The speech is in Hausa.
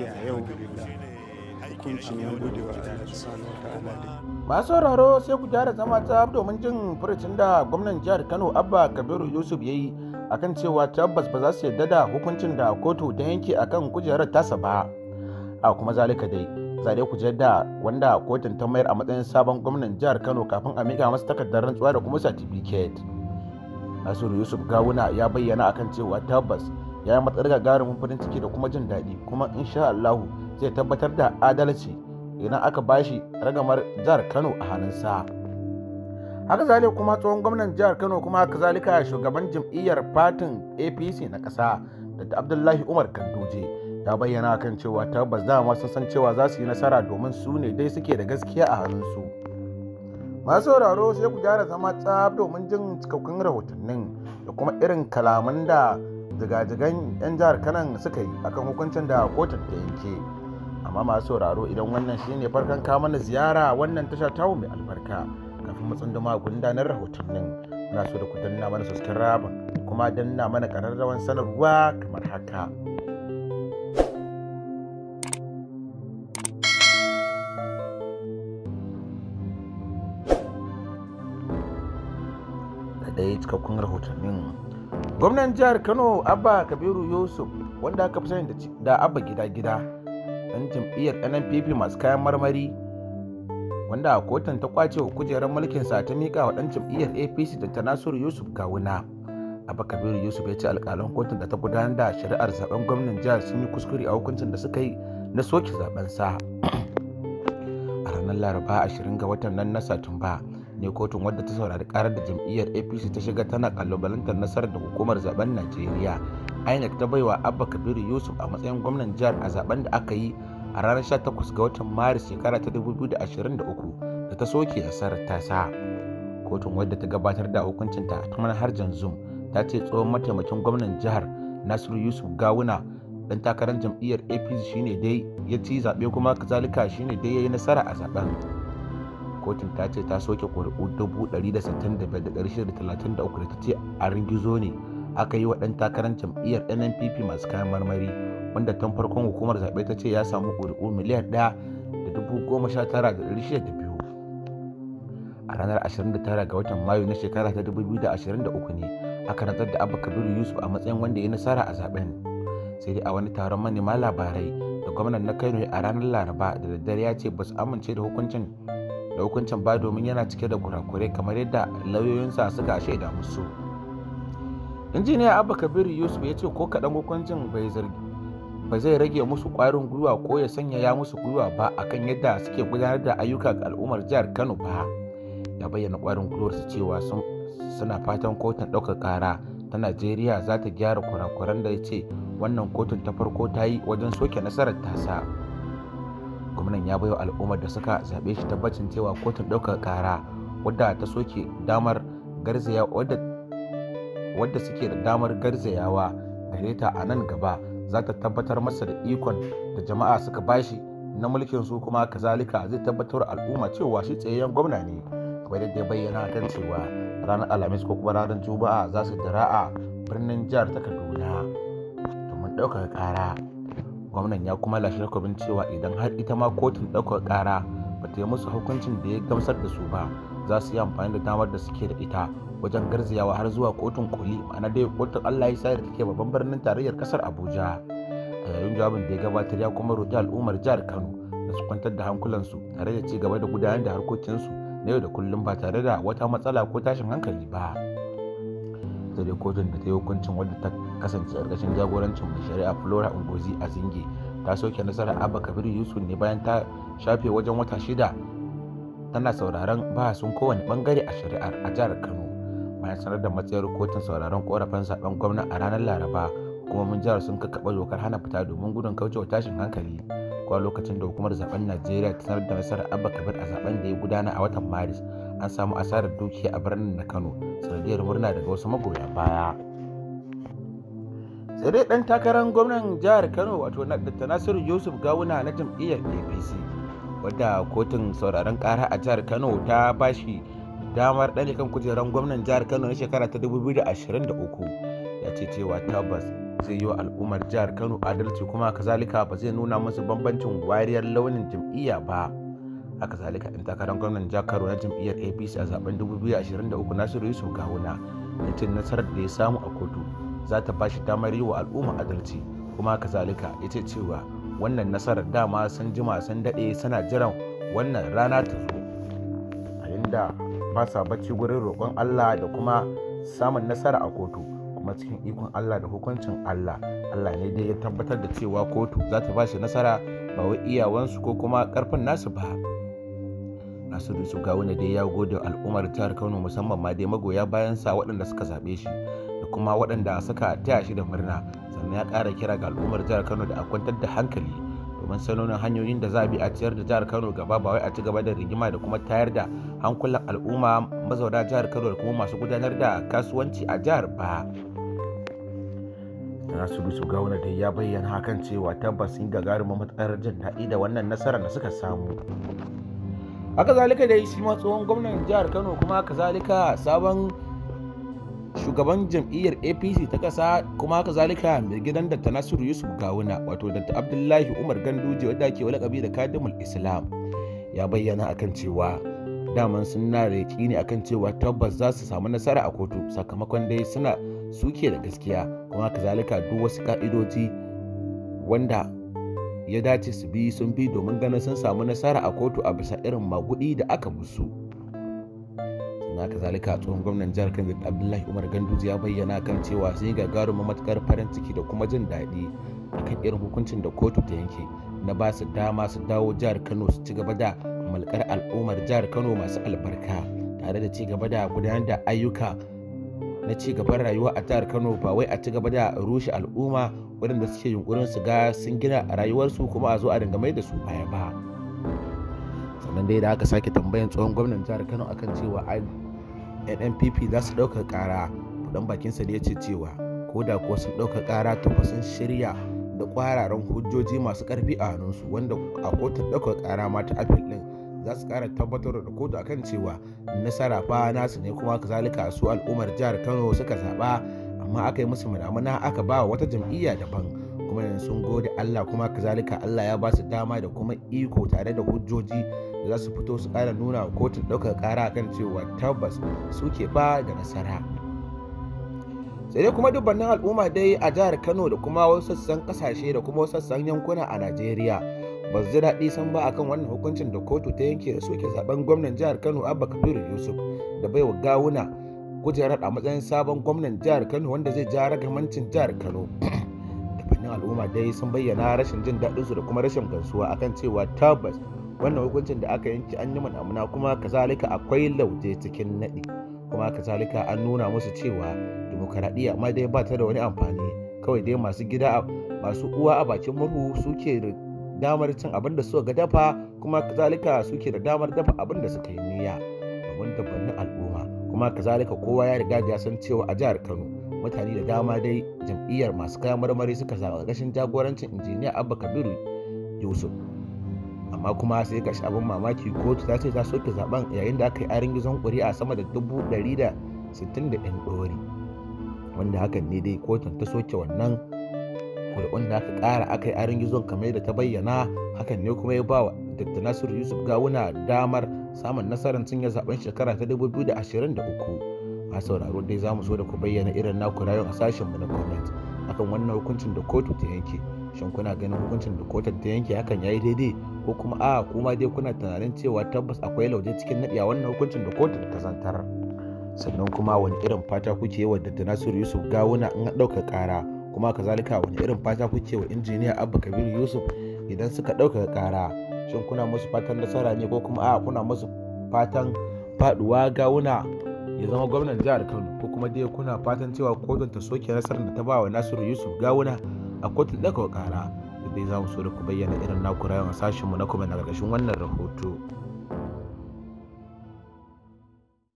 a yau ne gode wa Allah subhanahu masu sauraro sai ku gyara zama ta domin jin furucin da gwamnan jihar Kano Abba Kabiru Yusuf yayi akan cewa tabbas ba za su yarda da hukuncin da kotu ta yanke akan kujerar tasa ba a kuma zalika dai zare ku da wanda kotun ta mayar a matsayin sabon gwamnan jihar Kano kafin a mika masa takardar rantsuwa da kuma certificate Nasiru Yusuf Gawuna ya bayyana akan cewa tabbas ya yi matsar gagarumin farin ciki da kuma jin daɗi kuma insha Allah zai tabbatar da adalci idan aka bashi ragamar jihar Kano a hannunsa. Haka zale kuma tsohon gwamnan jihar Kano kuma haka zalika shugaban jam'iyyar fatin APC na ƙasa da Abdullahi Umar Kanduje ta bayyana kan cewa tabbas za sun san cewa za su yi nasara domin su ne dai suke da gaskiya a hannunsu. Masu sauraro sai ku gyara zama tsab domin jin cikakkun rahotannin da kuma irin kalaman da jigajigan 'yan jihar kanan suka yi akan hukuncin da kotun ta yanke amma masu sauraro idan wannan shine farkon kama na ziyara wannan tasha ta mai albarka kafin mu tsunduma gundanar rahotannin muna so da ku danna mana subscribe kuma danna mana kararrawan sanarwa kamar haka da ɗaya cikakkun rahotannin gwamnan jihar kano abba kabiru yusuf wanda aka fi sani da abba gida-gida ɗan jam'iyyar nnpp masu kayan marmari wanda a kotun ta kwace wa kujerar sa ta mika wa ɗan jam'iyyar apc da ta nasiru yusuf kawuna abba kabiru yusuf ya ce alƙalan kotun da ta gudanar da shari'ar zaben gwamnan jihar sun yi kuskure a hukuncin da suka yi na soke zaben sa a ranar laraba 20 ga watan nan na satumba ne kotun wadda ta saurari karar da jam'iyyar apc ta shiga tana kalubalantar nasarar da hukumar zaben najeriya inec ta baiwa abba kabiru yusuf a matsayin gwamnan jihar a zaben da aka yi a ranar sha takwas ga watan maris shekara ta 2023 da ta soke nasarar tasa kotun wadda ta gabatar da hukuncin ta ta harjan zum ta ce tsohon mataimakin gwamnan jihar nasiru yusuf gawuna dan takarar jam'iyyar apc shine dai ya ci zaɓe kuma kazalika shine dai ya yi nasara a zaben kotun ta ce ta soke ƙuri'u 165,633 da ta ce a ringizo ne aka yi wa ɗan takarar jam'iyyar nnpp masu kayan marmari wanda tun farkon hukumar zaɓe ta ce ya samu ƙuri'u miliyan 1,000 da dubu a ranar 29 ga watan mayu na shekara ta 2023 ne aka rantsar da abu kabiru yusuf a matsayin wanda ya nasara a zaɓen. sai dai a wani taron manema labarai da gwamnan na kano a ranar laraba da daddare ya ce ba su amince da hukuncin da hukuncin ba domin yana cike da kurakurai kamar yadda lauyoyinsa suka shaida musu injiniya abba kabir yusuf ya ce ko kaɗan hukuncin bai zargi ba zai rage musu ƙwarin gwiwa ko ya sanya ya musu gwiwa ba kan yadda suke gudanar da ayyuka ga al'ummar jihar kano ba ya bayyana ƙwarin gwiwarsu cewa suna fatan kotun ɗaukar ƙara ta najeriya za ta gyara kurakuran da ya ce wannan kotun ta farko ta yi wajen soke nasarar tasa. gwamnan ya baiwa al'ummar da suka zaɓe shi tabbacin cewa kotun ɗaukar ƙara wadda ta soke damar garzaya wadda suke da damar garzayawa gare ta a nan gaba za ta tabbatar masa da ikon da jama'a suka bashi na mulkin su kuma kazalika zai tabbatar al'umma cewa shi tsayayyen gwamna ne kamar yadda ya bayyana kan cewa ranar alhamis ko kuma ranar juma'a za su a birnin jihar ta kaduna domin ɗaukar ƙara gwamnan ya kuma lashe takobin cewa idan har ita ma kotun ɗaukar ƙara ba ta yi musu hukuncin da ya gamsar da su ba za su yi amfani da damar da suke da ita wajen garzayawa har zuwa kotun koli ma'ana dai kotun allah ya da take babban birnin tarayyar kasar abuja a yayin jawabin da ya gabatar ya kuma roƙi al'ummar jihar kano da su kwantar da hankulansu tare da ci gaba da gudanar da harkokinsu na yau da kullum ba tare da wata matsala ko tashin hankali ba. ta dai kotun da ta yi hukuncin wadda ta kasance ƙarƙashin jagorancin mai shari'a flora ungozi a zinge ta soke nasarar abba kabiru yusuf ne bayan ta shafe wajen wata shida tana sauraron bahasun kowane bangare a shari'ar a jihar kano bayan sanar da matsayar kotun sauraron korafin zaben gwamna a ranar laraba hukumomin jihar sun kakkaɓa dokar hana fita domin gudun kaucewa tashin hankali kuma lokacin da hukumar zaben najeriya ta sanar da nasarar abba kabir a zaben da ya gudana a watan maris an samu asarar dukiya a birnin na kano sanadiyar murna daga wasu magoya baya tsere dan takarar gwamnan jihar kano wato da nasiru yusuf gawuna na jam'iyyar apc wadda kotun sauraron kara a jihar kano ta bashi damar ɗale kan kujerar gwamnan jihar kano na shekara ta 2023 ya ce cewa tabbas zai yi wa al'ummar jihar kano adalci kuma kazalika ba zai nuna musu bambancin wariyar launin jam'iyya ba a kazalika in takarar gwamnan jihar kano na jam'iyyar apc a zaben 2023 nasiru yusuf gawuna ya ce nasarar da ya samu a kotu za ta ba shi damar yi wa al'umma adalci kuma kazalika ya ce cewa wannan nasarar dama sun jima sun daɗe sana jiran wannan rana ta zo a inda ba sa bacci gurin roƙon allah da kuma samun nasara a kotu kuma cikin ikon Allah da hukuncin Allah Allah ne dai ya tabbatar da cewa kotu za ta ba shi nasara ba wai iyawansu ko kuma karfin nasu ba Nasiru su ga wani dai ya gode al'ummar jihar Kano musamman ma dai magoya bayan sa waɗanda suka zaɓe shi da kuma waɗanda suka taya shi da murna sannan ya kara kira ga al'ummar jihar Kano da a da hankali domin sanonin hanyoyin da za a bi a ciyar da jihar Kano gaba ba wai a ci gaba da rigima da kuma tayar da hankulan al'umma mazauna jihar Kano da kuma masu gudanar da kasuwanci a jihar ba. ta sulusu gauna da ya bayyana hakan cewa tabbas sun gagarumin matsayar jin daɗi da wannan nasarar da suka samu haka zalika da shi ma tsohon gwamnan jihar kano kuma haka zalika sabon shugaban jam'iyyar apc ta ƙasa kuma haka zalika mai gidan da nasiru yusuf gawuna wato dr abdullahi umar ganduje wadda ke wani da kadimul islam ya bayyana akan cewa daman suna na da ne akan cewa tabbas za su samu nasara a kotu sakamakon dai suna suke da gaskiya kuma kazalika duk wasu ka'idoji wanda ya dace su bi sun bi domin ganin sun samu nasara a kotu a bisa irin magudi da aka musu na kazalika tsohon gwamnan jihar kano abdullahi umar ganduje ya bayyana kan cewa sun yi gagarun matukar farin ciki da kuma jin daɗi akan irin hukuncin da kotu ta yanke na ba su dama su dawo jihar kano su ci gaba da mulkar al'ummar jihar kano masu albarka tare da ci gaba da gudanar da ayyuka na ci gaban rayuwa a jihar kano ba wai a ci gaba da rushe al'umma waɗanda suke yunkurin su ga sun gina a rayuwarsu kuma a zo a dinga mai da su baya ba sannan dai da aka sake tambayan tsohon gwamnan jihar kano akan cewa nnpp za su ɗauka ƙara bakin sa da ya ce cewa ko da kuwa sun ɗauka ƙara tabbas sun shirya da kwararan hujjoji masu ƙarfi a su wanda a kotar ɗaukar ƙara mata ta afil za su kara tabbatar da kotu akan cewa nasara fa nasu ne kuma kazalika su al'ummar jihar kano suka zaba amma aka yi musu muramuna aka ba wata jam'iyya daban kuma yanzu sun gode allah kuma kazalika allah ya ba su dama da kuma iko tare da hujjoji da za su fito su kara nuna wa kotun ɗaukar kara akan cewa tabbas suke ba da nasara sai dai kuma dubbannin al'umma dai a jihar kano da kuma wasu sassan kasashe da kuma wasu sassan yankuna a najeriya ba su ji daɗi san ba akan wannan hukuncin da kotu ta yanke da suke zaben gwamnan jihar kano abba kabiru yusuf da baiwa gawuna kujerar a matsayin sabon gwamnan jihar kano wanda zai ja ragamancin jihar kano dafanin al'umma dai sun bayyana rashin jin daɗin su da kuma rashin gamsuwa akan cewa tabbas wannan hukuncin da aka yanke an yi munamuna kuma kazalika akwai lauje cikin naɗi kuma kazalika an nuna musu cewa dimokuraɗiyya ma dai ba ta da wani amfani kawai dai masu gida masu uwa a bakin murhu suke damar cin abin da suka ga dafa kuma kazalika suke da damar dafa abin da suka yi niyya domin dabbannin al'umma kuma kazalika kowa ya riga ya san cewa a jihar Kano mutane da dama dai jam'iyyar masu kayan marmari suka zaɓa gashin jagorancin injiniya Abba Kabiru Yusuf amma kuma sai ga abin mamaki kotu ta ce ta soke zaben yayin da aka yi arin gizon ƙuri'a sama da dubu ɗari da sittin da ɗori wanda hakan ne dai kotun ta soke wannan Wanda da aka ƙara aka yi arin gizon kamar da ta bayyana hakan ne kuma ya bawa wa dr nasiru yusuf gawuna damar samun nasarar cinye zaben shekara ta 2023 a sauraro dai za mu so da ku bayyana irin naku rayuwar a sashen mu na gwamnati akan wannan hukuncin da kotu ta yanke shin kuna ganin hukuncin da kotun ta yanke hakan yayi daidai ko kuma a kuma dai kuna tunanin cewa tabbas akwai lauje cikin nadiya a wannan hukuncin da kotun ta zantar sannan kuma wani irin fata kuke yi wa da nasiru yusuf gawuna in ɗauka ƙara kuma kazalika wani irin fata kuke wa injiniya abba kabiru yusuf idan suka ɗauka ƙara shin kuna musu fatan nasara ne ko kuma a kuna musu fatan faduwa gawuna ya zama gwamnan jihar kano ko kuma dai kuna fatan cewa kotun ta soke nasarar da ta ba wa nasiru yusuf gawuna a kotun ɗauka ƙara da dai za mu so da ku bayyana irin naku rayuwar sashenmu na kuma na ƙarƙashin wannan rahoto.